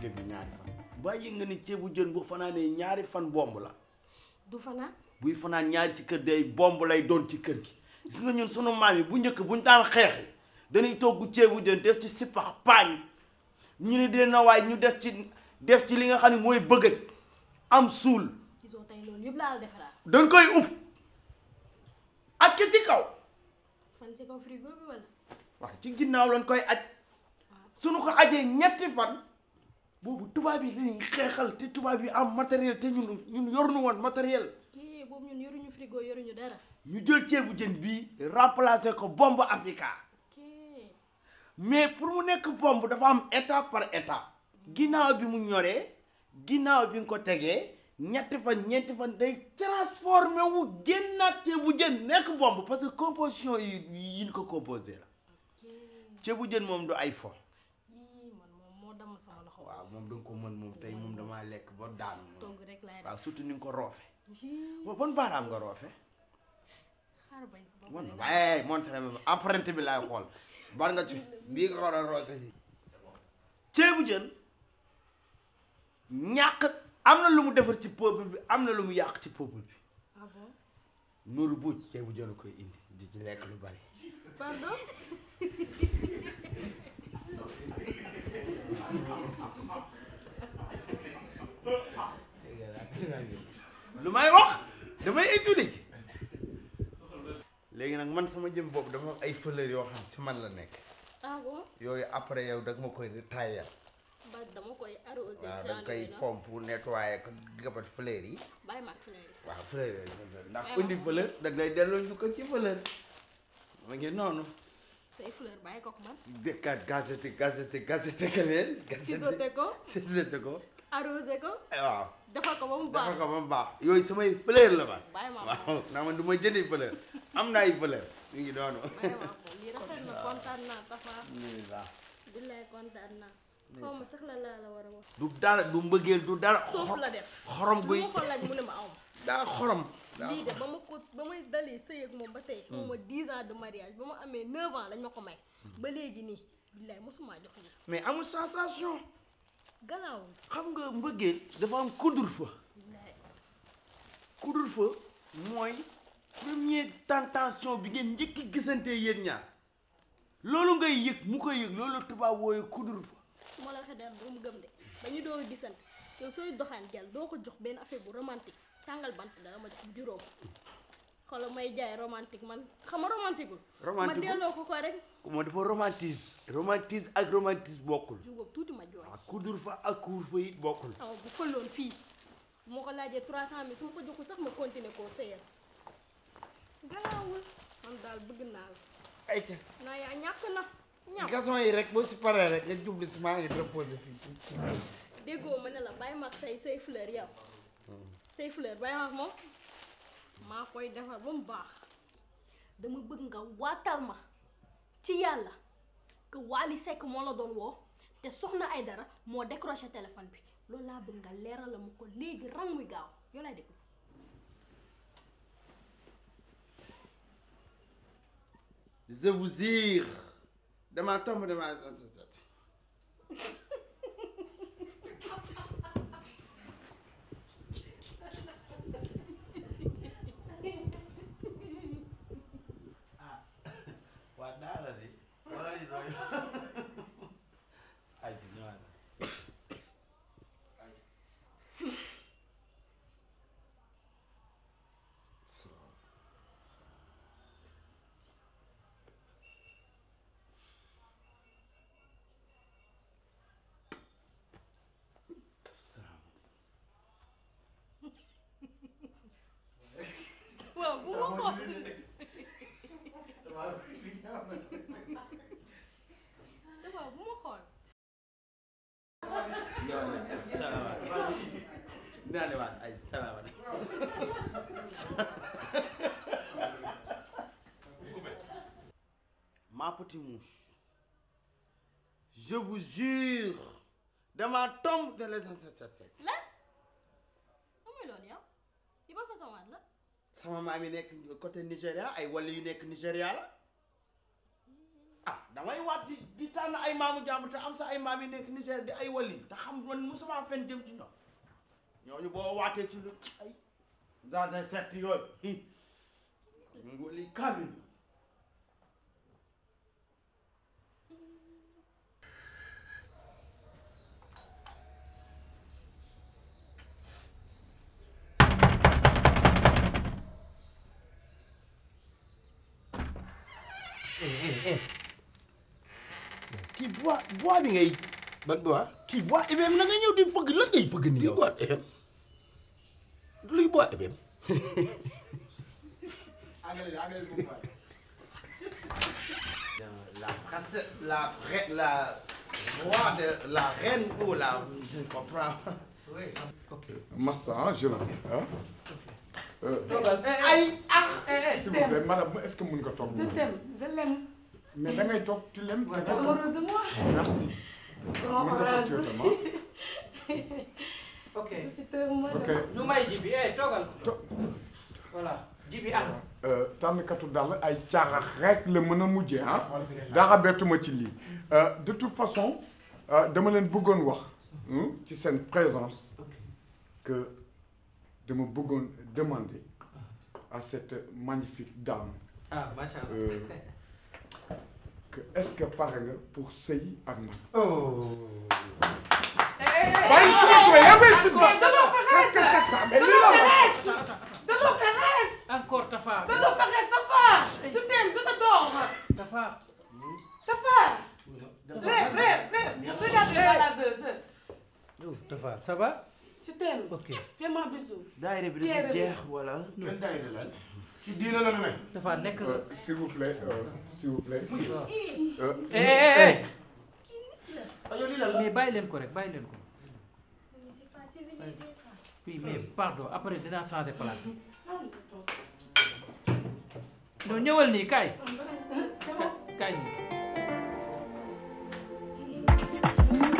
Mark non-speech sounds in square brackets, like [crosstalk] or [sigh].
ceeb bi ñaari bàyyi nga ni ceebu jën bu fanaanee ñaari fan bomb la du buy fanaan ñaari ci kër day bomb lay doon ci kër gi gis nga ñun sunu maam yi bu njëkk buñ daan xeexi danuy togg ceebu jën def ci sippax paañ ñu ne dee nawaay ñu def ci def ci li nga xam ne mooy bëgg am suul gisoo tey loolu yëpp laa defaraat dañ koy ub ak ki ci kaw fan ci kaw frigo bi wala waaw ci ginnaaw lañ koy aj suñu ko ajee ñetti fan boobu tubaab yi lañuy xeexal te tubaab yi am matériel te ñun ñun yoruñu woon matériel. kii boobu ñun yoruñu frigo yoruñu dara. ñu jël ceebu jën bi remplacer ko bombe Africa. mais pour mu nekk bombe dafa am état par état ginnaaw bi mu ñoree ginnaaw bi nga ko tegee ñetti fan ñeenti fan day transformé wu génnaat ceebu jën nekk bombe parce que composition yi yi ñu ko composé la. ceebu jën moom du ay fo. moom danga ko mën moom tey moom damaa lekk ba daanu. togg rek surtout ni nga ko roofe. waaw ban baaraam nga roofe. xaaral bañ ko mën waaye montre ma bi laay xool bar nga ci mbii nga war a roofe si. ceebu jën ñàkk am na lu mu defar ci peuple bi am na lu mu yàq ci peuple bi. ah bon. Nourou Bouch ceebu koy indi di ci lekk lu bari. [laughs] lu may wax damay étudier ci léegi nag man sama jëm boobu dama ay fleurs yoo xam si man la nekk. Ah yooyu après yow dagg ma koy taayal. dama koy arrosé. waaw da nga koy pompe nettoyer ko gabat fleurs yi. waaw fleur yi ndax indi fleur da ngay delloo ñu ci fleur ma ngi noonu. say fleur bàyyi ko man. dëkkaat gazete gazete gazete ka leen. sisote ko sisote ko. arrosé ko. waaw defal ko ba mu ko ba mu baax yooyu samay fleur la ba. bàyyi ma waaw naa man du ma jëndi fleur am na ay fleur mi ngi doonu. bàyyi ma ko lii rafet na kontaan naa xaw ma sax la laa la war a wax. du dara du mbëggeel du dara. suuf la def xorom guy ma ko laaj mu ne ma aw daa xorom. lii de ba ma ko ba may dalee sëy ak moom ba tey. moom ma 10 ans de mariage ba ma amee 9 ans lañ ma ko may. Mm. ba léegi nii billaay mosuma jox lii. mais amul sensation. galaaw xam nga mbëggeel dafa am couvre-feu. couvre-feu mooy première tentation bi ngeen njëkk gisante yéen ñaar loolu ngay yëg mu koy yëg loolu tubaab wooyu couvre-feu. su ma la waxee dara du mu gëm de dañu doog a gisante yow sooy doxaan gel doo ko jox benn affaire bu romantique tàngal bant dara ma ci juróom xoolal may jaay romantique man xam nga romantique ma delloo ko ko rek. moom dafa romantise. romantise ak romantise bokkul. jugóob tuuti ma jooy. Ah, ak kudur fa ak kuur bokkul. waaw bu fëlloon fii bu ko laajee trois cent mille su ma ko joxul sax ma continuer koo seeyal galaawul man daal bëgg naa la. ayca. naa yaa ñàkk na. gason yi rek boo si paree rek nga jubli si maa ngi reposé déggoo ma ne la bàyyi ma say say fleur yow. say fleur bàyyi ma moom maa koy defar ba mu baax dama bëgg nga waatal ma ci yàlla que Wally Seck moo la doon woo te soxna ay dara moo décroché téléphone bi loolu laa bëgg nga leeral la ma ko léegi rang muy gaaw yow laay déglu. je damaa tomb damaa dinaa ne waat ay salaamaaleykum. ma petite mouche je vous jure dama tombe dans les insectes. lan nu muy loolu yow di ba façon waat la. sama maam yi nekk côté Nigéria ay wàll yu nekk Nigéria la ah damay waat di di tànn ay maamu jàmbur te am sa ay maam yi nekk Nigéria di ay wàll yi te xam man musuma fen jëm ci ñoom. ñooñu boo waatee ci lu ay dans un cercle yooyu ñooñu wali kaamil kii bois bois bi ngay ban bois. kii bois IBM na nga di fëgg lan ngay fëgg nii yow. luy bois IBM luy bois la la la la reine ou la je ne comprends. oui ok. Euh, eh, eh. ay ah. Eh, s'il vous plaît madame est-ce que mën nga toog. je t'aime je l'aime. mais da ngay toog tu sama orange [laughs] ok eh, voilà ji bi ànd. ay caaxax rek la mën a mujje ah. dara bettuma ci lii. Euh, de toute façon euh, dama leen bëggoon wax. Hmm, ci seen présence. que dama bëggoon demander à cette magnifique dame. Ah, [laughs] que est-ce que pare nga pour sëy ak man. oh. bàyyi su ma tooyee yaa may suñu. encore Tafa. Dodo Fexe Tafa. su tee su te doon. Tafa. Tafa. Ré ré ré. Regarde la la la. Tafa ça va. si teen ok bi dafa jeex wala. dafa nekk euh, s'il vous plaît ah, mais bàyyi leen ko rek bàyyi leen ko. oui mais pardon après dinaa changer plat. non ñëwal nii kaay. Ah, kaay nii.